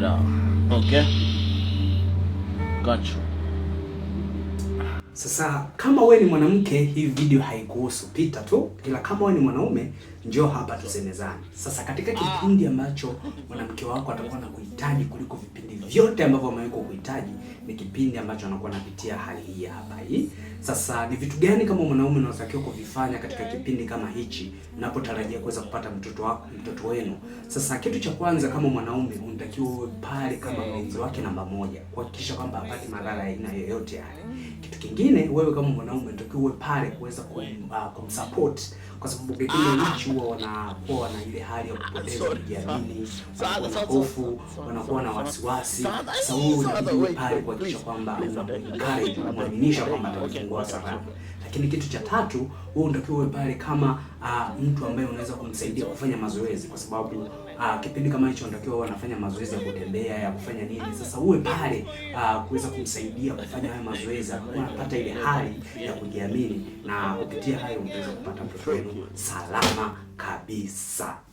Mira. Okay? Got you. Sasa kama we ni mwanamke, hii video haikuhusu, pita tu. Ila kama we ni mwanaume, njoo hapa tusemezane. Sasa katika kipindi ambacho mwanamke wako atakuwa na kuhitaji kuliko vipindi vyote ambavyo amewahi kuhitaji, ni kipindi ambacho anakuwa anapitia hali hii hapa hii. Sasa ni vitu gani kama mwanaume unatakiwa kuvifanya katika kipindi kama hichi, unapotarajia kuweza kupata mtoto wako, mtoto wenu? Sasa kitu cha kwanza kama mwanaume unatakiwa serikali kama mlinzi wake namba moja, kuhakikisha kwamba hapati madhara ya aina yoyote yale. Mm. Kitu kingine, wewe kama mwanaume unatakiwa uwe pale kuweza mm. ah, kumsupport uh, kwa sababu wengine nchi ah. huwa wanakuwa wana ile hali ya kupoteza kujiamini, hofu, wanakuwa na wasiwasi. Sasa wewe unabidi uwe pale kuhakikisha kwamba unamkare, kumwaminisha kwamba atajifungua salama. Lakini kitu cha tatu, wewe unatakiwa uwe pale kama uh, mtu ambaye unaweza kumsaidia kufanya mazoezi, kwa sababu uh, kipindi kama hicho unatakiwa wanafanya mazoezi ya kutembea Eh, ya kufanya nini. Sasa uwe pale uh, kuweza kumsaidia kufanya haya mazoezi, anapata ile hali ya kujiamini, na kupitia hayo mtaweza kupata mtoto wenu salama kabisa.